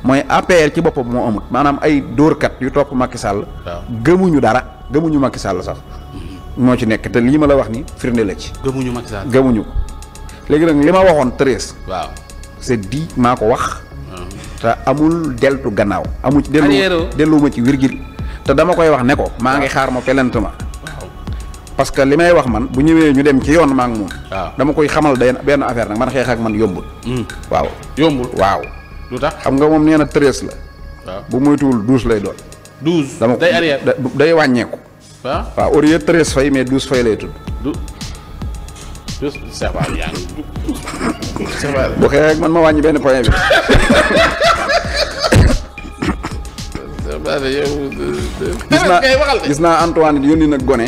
mooy APR ci boppam mu amut maanaam ay dóorkat yu topp Macky sàll gëmuñu dara gëmuñu Macky Sall sax. Mm-hmm. moo ci nekk te lii ma la wax ni firnde la ci. gëmuñu Macky Sall gëmuñu ko. léegi nag li ma waxoon treize. waaw c'est dit maa ko wax. Mm-hmm. te amul deltu gannaaw. amu ci dellu delluwuma ci virgule. te dama koy wax ne ko. maa ngi xaar ma pelent ma. parce que li may wax man bu ñëwee ñu dem ci yoon maa ngi moom. dama koy xamal benn affaire nag man xeex ak man yombul. Mm. waaw yombul waaw. lu tax xam nga moom nee na treize la. waaw bu moytuwul douze lay doon. douze day day wàññeeku. waaw waaw au lieu treize fay mais douze fay lay tudd. bu xëyee rek man ma wàññi benn point bi. gis naa gis naa Antoine yónni gone.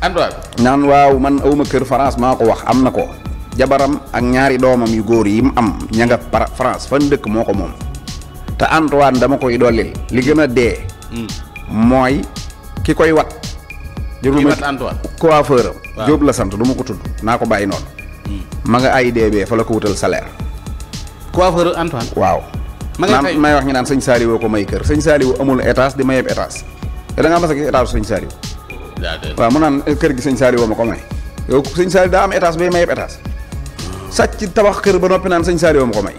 Antoine. naan waaw man awma kër France maa ko wax am na ko. jabaram ak ñaari doomam yu góor yi am ña nga France fan dëkk moo ko moom te Antoine dama koy dollil li gën a dee. Hmm. mooy ki koy wat. jërëjëf wat Antoine coiffeur am. Jóob la sant du ma ko tudd naa ko bàyyi noonu. Hmm. ma nga AIBD fa la ko wutal salaire. coiffeur Antoine. waaw. ma ngi may wax ñu naan sëñ Saliou ko may kër sëñ Saliou amul étage di mayeb étage te da ngaa mas a gis étage sëñ Saliou. waaw mu naan kër gi sëñ Saliou ma ko may. yow sëñ Saliou daa am étage ma mayeb étage. sàcc tabax kër ba noppi naan sëñ Saliou ma ko may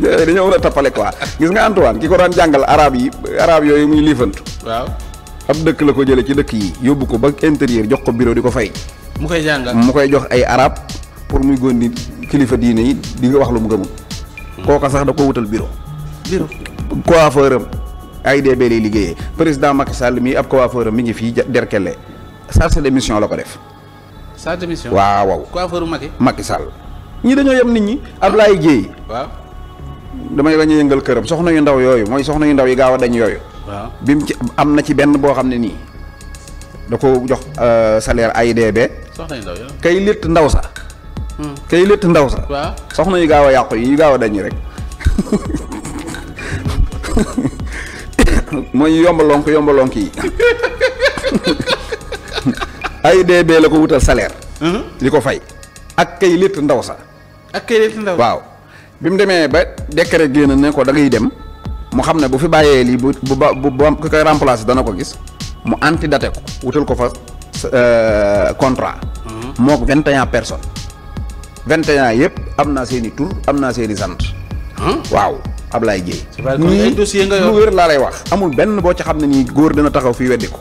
dañoo war a tappale quoi gis nga Antoine ki ko daan jàngal arab yi arab yooyu muy liifantu. waaw ab dëkk la ko jële ci dëkk yi yóbbu ko ba intérieur jox ko bureau di ko fay. mu koy jàngal mu koy jox ay arab pour muy góondi kilifa diine yi di nga wax lu mu gëmul. Hmm. kooka sax da ko wutal biro bureau coiffeur am ay dee lay liggéeyee président Macky Sall mii ab coiffeur am mi ngi fii derkele chargé de mission la ko def. sa démission waaw waaw. coiffeur Macky. Macky Sall. ñii dañoo yem nit ñi. Ablaye Dieye. waaw. damay bañ a yëngal këram soxna yu ndaw yooyu mooy soxna yu ndaw yi gaaw a dañ yooyu. bi mu ci am na ci benn boo xam ne nii. da ko jox euh, salaire AIDB. soxna yu ndaw yi kay létt ndaw sa. Hmm. kay létt ndaw sa. waaw soxna yu gaaw a yàqu yi yu gaaw a dañ rek. mooy yombalonk yombalonk yi. ay AIBD la ko wutal salaire. li ko fay ak kay litt ndaw sax ak kay waaw bi mu demee ba décret génn ne ko da dem mu xam ne bu fi bàyyee lii bu bu ba bu ba ku koy remplacer dana ko gis mu antidaté ko wutal ko fa euh, contrat. moo ko vingt et un vingt et un yëpp am naa seeni i tur am naa seeni i sant. waaw Ablaye Dieye. nii lu wér laa lay wax. amul benn boo ci xam ne nii góor dana taxaw fii weddi ko.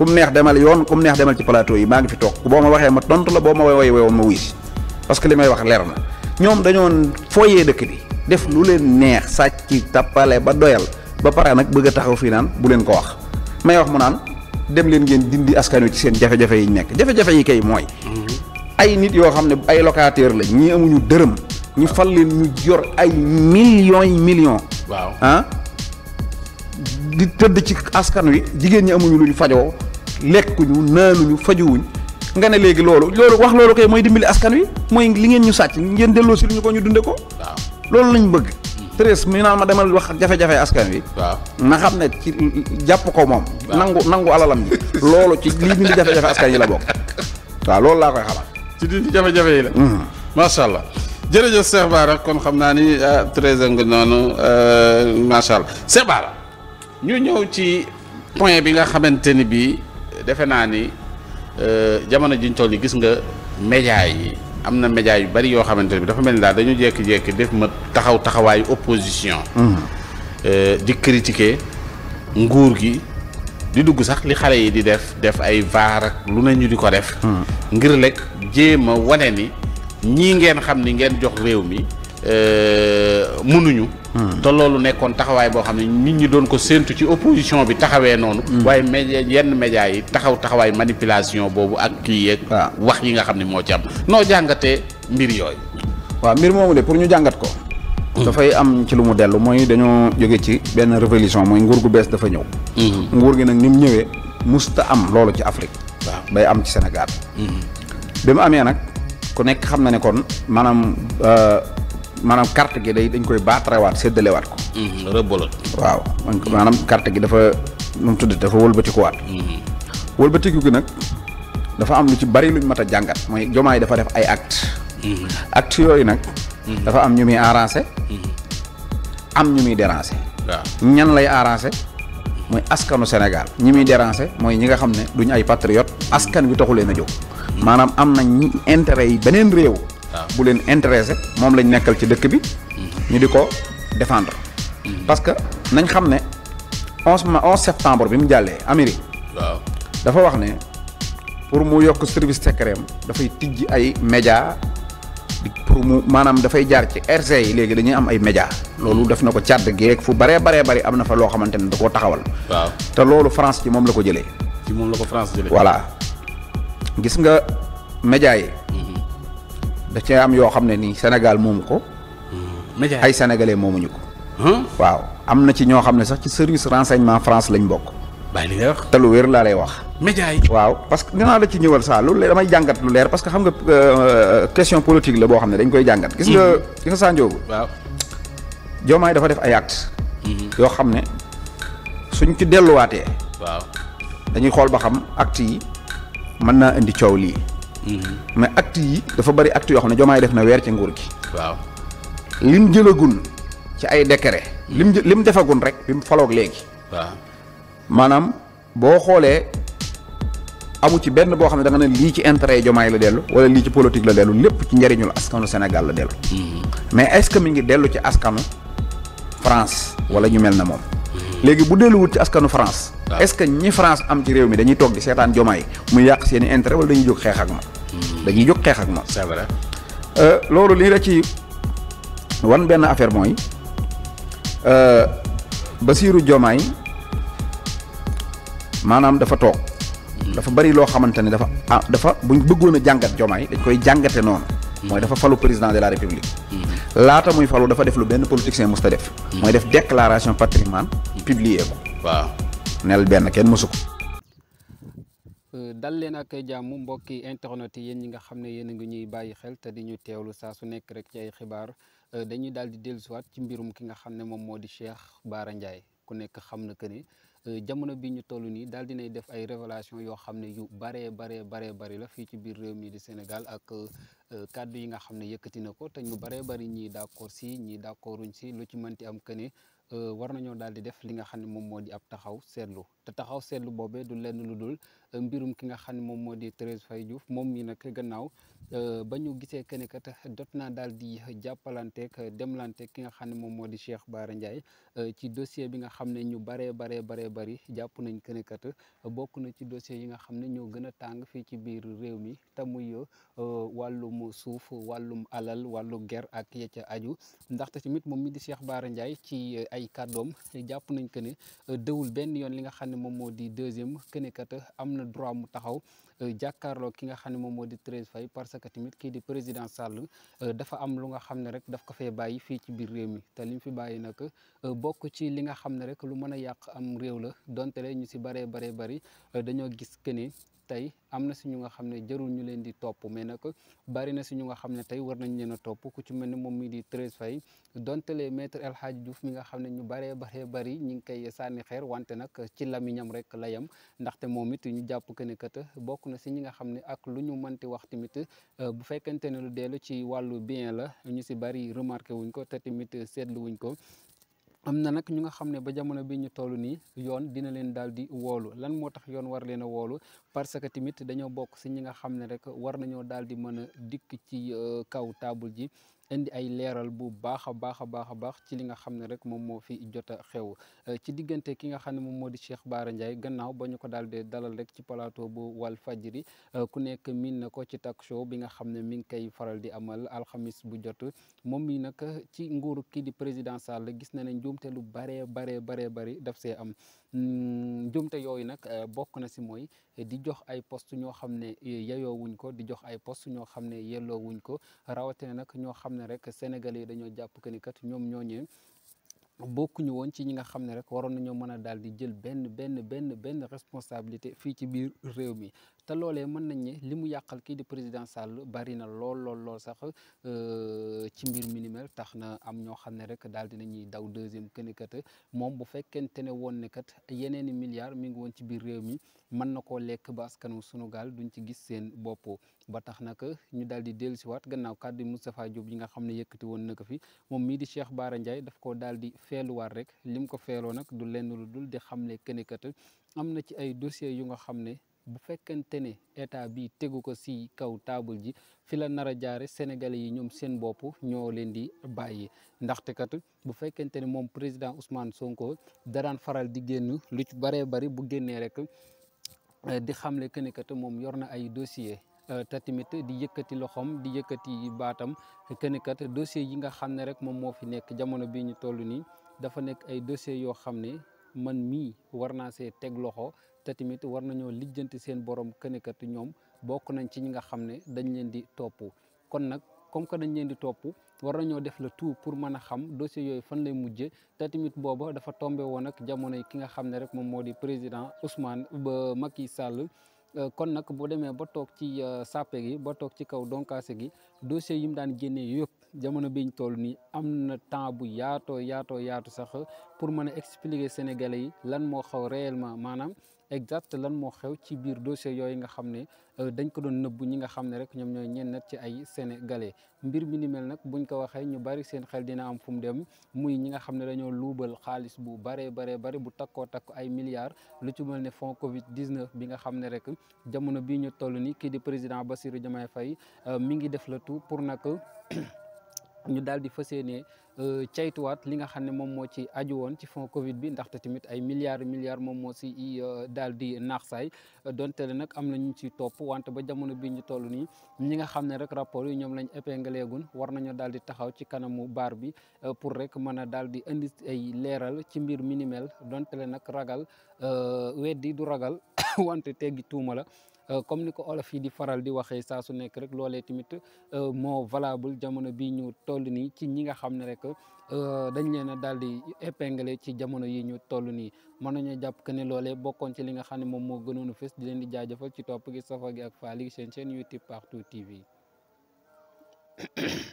ku neex demal yoon ku mu neex demal ci plateau yi maa ngi fi toog boo ma waxee ma tontu la boo ma woy woy ma wuy si parce que li may wax leer ñoom dañoo fooyee dëkk bi def lu leen neex sàcc tappale ba doyal ba pare nag bëgg a taxaw fii naan bu leen ko wax may wax mu naan dem leen ngeen dindi askan wi ci seen jafe-jafe yi nekk jafe-jafe yi kay mooy. ay nit yoo xam ne ay locataire la ñii amuñu dërëm. ñu fal leen ñu yor ay millions yi millions. waaw ah di tëdd ci askan wi jigéen ñi amuñu luñ fajoo. lekkuñu naanuñu fajuwuñ nga ne léegi loolu loolu wax loolu kay mooy dimbali askan wi mooy li ngeen ñu sàcc ngeen delloo si ñu ko ñu dunde ko waaw loolu lañ bëgg tris mi naan ma demal wax jafe-jafe askan wi waaw na xam ne ci jàpp ko moom nangu nangu alalam ji loolu ci lii jafe-jafe askan yi la bokk waaw loolu laa koy xamal ci dindi jafe-jafe yi la hmm. macha allah jërëjëf Cheikh Bara kon xam naa ni ah, treize nga noonu euh, macha allah Cheikh Bara ñu ñëw ci point bi nga xamante ni bii defe naa ni euh, jamono jiñ toll yi gis nga média yi am na média yu bari yoo xamante ne bi dafa mel ni daal dañu jékki-jékki def ma taxaw taxawaayu opposition. Mhm. Euh, di critiquer nguur gi di dugg sax li xale yi di def def ay vaar ak lu ne ñu di ko def. Mhm. ngir lekk jéem a wane ni ñii ngeen xam ni ngeen jox réew mi euh, munuñu te loolu nekkoon taxawaay boo xam ne nit ñi doon ko séentu ci opposition bi taxawee noonu. Mm. waaye média yenn média yi taxaw taxawaay manipulation boobu ak kii yeeg. wax yi nga xam ne moo ci am noo jàngatee mbir yooyu. waaw mbir moomu de pour ñu jàngat ko. Mm. dafay am ci lu mu dellu mooy dañoo jóge ci benn révolution mooy nguur gu bees dafa ñëw. Mm-hmm. nguur nag ni mu ñëwee musta am loolu ci Afrique. waaw bay am ci Sénégal. Mm-hmm. bi mu amee nag ku nekk xam na ne kon maanaam. Euh, maanaam carte gi day dañ koy baatarawaat séddalewaat ko. Mm-hmm, rëbbalaat. waaw mm-hmm. maanaam carte gi dafa nu mu tudd dafa wëlbatikuwaat. Mm-hmm. wëlbatiku gi nag dafa am lu ci bari luñ mat a jàngat mooy jomaay dafa def ay acte acte yooyu nag. dafa am ñu muy arrangé. am ñu muy dérangé. ñan lay arrangé. mooy askanu Sénégal ñi muy dérangé mooy ñi nga xam ne duñu ay patriote askan bi taxu leen a jóg. maanaam am na intérêt yi beneen réew. bu leen intéressé moom lañ nekkal ci dëkk bi. Mhm. ñu di ko défendre. Mhm. parce que nañ xam ne onze ma onze septembre bi mu jàllee Amérique. dafa wax ne pour mu yokk service secret am dafay tijj ay média pour mu maanaam dafay jaar ci RC yi léegi dañuy am ay média loolu def na ko càdd geeg fu baree baree bari am na fa loo xamante ne da koo taxawal. waaw te loolu France ci moom la ko jëlee. ci moom la ko France jëlee. voilà gis nga média yi. da cee am yoo xam ne nii Sénégal moomu ko. Hmm. ay sénégalais moomuñu ko. Hmm? waaw am na ci ñoo xam ne sax ci service renseignement France lañ bokk. bàyyi te lu wér laa lay wax. média yi waaw parce que dinaa la ci ñëwal saa loolu damay jàngat lu leer parce que xam nga euh, euh, question politique la boo xam ne dañ koy jàngat. gis nga hmm. gis nga Sadio. waaw Diomaye dafa def ay actes. yoo xam ne suñ ci delluwaatee. waaw dañuy xool ba xam actes yi mën naa indi coow lii. mais act yi dafa bari act yoo xam ne jomaay def na weer ci nguur gi. waaw lim jëlagul ci ay décret. lim jë lim defagul rek bi mu faloog léegi. maanaam boo xoolee amu ci benn boo xam ne da nga ne lii ci intérêt jomaay la dellu wala lii ci politique la dellu lépp ci njëriñul askanu Sénégal la dellu. Hmm. mais est-ce que mi ngi dellu ci askanu France wala ñu mel na moom. léegi bu delluwut ci askanu France est ce que ñi France am ci réew mi dañuy toog di seetaan jomaay muy yàq seeni i intérêt wala dañuy jóg xeex ak moom hmm. dañuy jóg xeex ak moom c'est euh, loolu li la ci wan benn affaire mooy euh, Basiiru Jomaay maanaam dafa toog hmm. dafa bari loo xamante ne dafa ah, dafa buñ bëggoon a jàngat jomaay dañ koy jàngate noonu mooy dafa falu président de la république mm-hmm. laata muy falu dafa def lu benn politicien mës ta def mm-hmm. mooy def déclaration patrimoine mm-hmm. publier ko waaw nel benn kenn mosu ko euh, dal leen ak jàmm mbokki internet yi yéen ñi nga xam ne yéen a ngi ñuy bàyyi xel te di ñu teewlu saa su nekk rek ci ay xibaar euh, dañuy daal di dellusiwaat ci mbirum ki nga xam ne moom moo di Cheikh Bara Ndiaye ku nekk xam na que ni euh, jamono bi ñu toll nii daal dinay def ay révélation yoo xam ne baree baree baree bari la fii ci biir réew mi di Sénégal ak Euh, kàddu yi nga xam ne yëkkati na ko te ñu bëree bari ñii d'accord si ñii d'accorduñ si lu ci mënti am que ni euh, war nañoo daal di def li nga xam ne moom moo di ab taxaw seetlu te taxaw seetlu boobee du lenn lu dul euh, mbirum ki nga xam ne moom moo di Thérèse Faye Diouf moom mii nag gannaaw euh, ba ñu gisee que ne dot naa daal di jàppalanteeg demlanteeg ki nga xam ne moom moo di Cheikh Bara njaay euh, ci dossier bi nga xam ne ñu baree baree baree bari jàpp nañ que ne bokk na ci dossier yi nga xam ne ñoo gën a tàng fii ci biir réew mi te muy wàllum suuf wàllum alal wàllu ger ak ya ca aju ndaxte tamit moom mi Cheikh Bara Ndiaye ci ay kaddoom jàpp nañ que dëwul benn yoon li nga xam xam ne moom moo di deuxième que am na droit mu taxaw euh, jàkkaarloo ki nga xam ne moom moo di Thérèse Faye parce que tamit kii di président Sall euh, dafa am lu nga xam ne rek daf ko fee bàyyi fii ci biir réew mi te li mu fi bàyyi nag euh, bokk ci li nga xam ne rek lu mën a yàq am réew la donte le ñu si baree baree bari dañoo gis que ni tey am na si ñu nga xam ne jarul ñu leen di topp mais nag bari na si ñu nga xam ne tey war nañ leen a topp ku ci mel ni moom mii di Thérèse fay donte le maître El Hadji Diouf mi nga xam ne ñu baree baree bari ñi ngi koy sànni xeer wante nag ci lamiñam rek la yem ndaxte moom it ñu jàpp que ne kat bokk na si ñi nga xam ne ak lu ñu mënti wax tamit euh, bu fekkente ne lu dellu ci wàllu bien la ñu si bari remarqué wuñ ko te tamit seetlu ko am na nag ñu nga xam ne ba jamono bi ñu toll nii yoon dina leen daal di woolu lan moo tax yoon war leen a woolu parce que tamit dañoo bokk si ñi nga xam ne rek war nañoo daal di mën a dikk ci euh, kaw taabul ji indi ay leeral bu baax a baax a baax a baax ci li nga xam ne rek moom moo fi jot a xew eh, ci diggante ki nga xam ne moom moo di Cheikh Bara Ndiaye gannaaw ba ñu ko daal dee dalal rek ci plateau bu Walfadjri eh, ku nekk miin na ko ci talk show bi nga xam ne mi ngi koy faral di amal alxamis bu jot moom mi nag ci nguur kii di président Sall gis na ne njuumte lu baree baree baree bari daf see am Hmm, jumte yooyu nag eh, bokk na si mooy eh, di jox ay poste ñoo xam ne eh, yeyoo wuñ ko di jox ay poste ñoo xam ne yelloo wuñ ko rawatina nag ñoo xam ne rek Sénégalais yi dañoo jàpp que ni kat ñoom ñooñee bokkuñu woon ci ñi nga xam ne rek waroon nañoo mën a daal di jël benn benn benn benn responsabilité fii ci biir réew mi te loole mën nañ ne li mu yàqal kii di président Sall bari na lool lool lool sax euh, ci mbir mi tax na am ñoo xam ne rek daal di nañuy daw deuxième këne moom bu fekkente ne woon ne kat yeneeni milliards mi ngi woon ci biir réew mi. mën na ko lekk ba askanu sunu gaal duñ ci gis seen bopp ba tax nag ñu daal di dellusiwaat gannaaw kàddu Moustapha Diop yi nga xam ne yëkkati woon na ko fi moom mii di Cheikh Bara Ndiaye daf ko daal di feeluwaat rek lim ko feeloo nag du lenn lu dul di xam xamle kenekat am na ci ay dossiers yu nga xam ne. bu fekkente ne état bi tegu ko si kaw taabul ji fi la nar a jaare sénégalais yi ñoom seen bopp ñoo leen di bàyyi ndaxte kat bu fekkente ne moom président Ousmane Sonko daraan faral di génn lu ci bëree bëri bu génnee rek Euh, di xamle que ne moom yor na ay dossier euh, te tamit di yëkkati loxoom di yëkkati baatam que ne yi nga xam ne rek moom moo fi nekk jamono bii ñu toll nii dafa nekk ay dossier yoo xam ne man mii war naa see teg loxo te tamit war nañoo lijjanti seen borom que ñoom bokk nañ ci ñi nga xam ne dañ leen di topp kon nag. comme que dañ leen di topp war nañoo def le tout pour mën a xam dossier yooyu fan lay mujje te tamit booba dafa tombé woon ak jamono yi ki nga xam ne rek moom moo di président Ousmane ba Macky Sall euh, kon nag boo demee ba toog ci euh, sàppe gi ba toog ci kaw donkaase gi dossier yi mu daan génnee yëpp jamono biñ toll nii am na temps bu yaatoo yaatoo yaatu sax pour mën a expliquer Sénégalais yi lan moo xaw réellement maanaam exact lan moo xew ci biir dossier yooyu nga xam ne euh, dañ ko doon nëbbu ñi nga xam ne rek ñoom ñooy ñennat ci ay sénégalais mbir mi ni mel nag buñ ko waxee ñu bari seen xel dina am fu mu dem muy ñi nga xam ne dañoo luubal xaalis bu baree baree bari bu takkoo takk ay milliards lu ci mel ne fonds Covid 19 bi nga xam ne rek jamono bii ñu toll ni kii di président Bassirou Diomaye fay euh, mi ngi def la tout pour nag ñu daal di fas yéene euh, caytuwaat li nga xam ne moom moo ci aju woon ci fond Covid bi ndaxte tamit ay milliards milliards moom moo si i euh, daal di naax saay donte le nag am na ñu ciy topp wante ba jamono bii ñu toll nii ñi nga xam ne rek rapport yi ñoom lañ épinglé gun war nañoo daal di taxaw ci kanamu baar bi euh, pour rek mën a daal di indi ay leeral ci mbir minimel donte le nag ragal weddi du ragal wante teggi tuuma la. Euh, comme ni ko olof yi di faral di waxee saa su nekk rek loolee tamit euh, moo valable jamono bi ñu toll nii ci ñi nga xam ne rek euh, dañ leen a daal di épingler ci jamono yi ñu toll nii mën nañoo jàpp que ne loolee bokkoon ci li nga xam ne moom moo gënoon fees di leen di jaajëfal ci topp gi safa gi ak faali seen chaîne YouTube Partout TV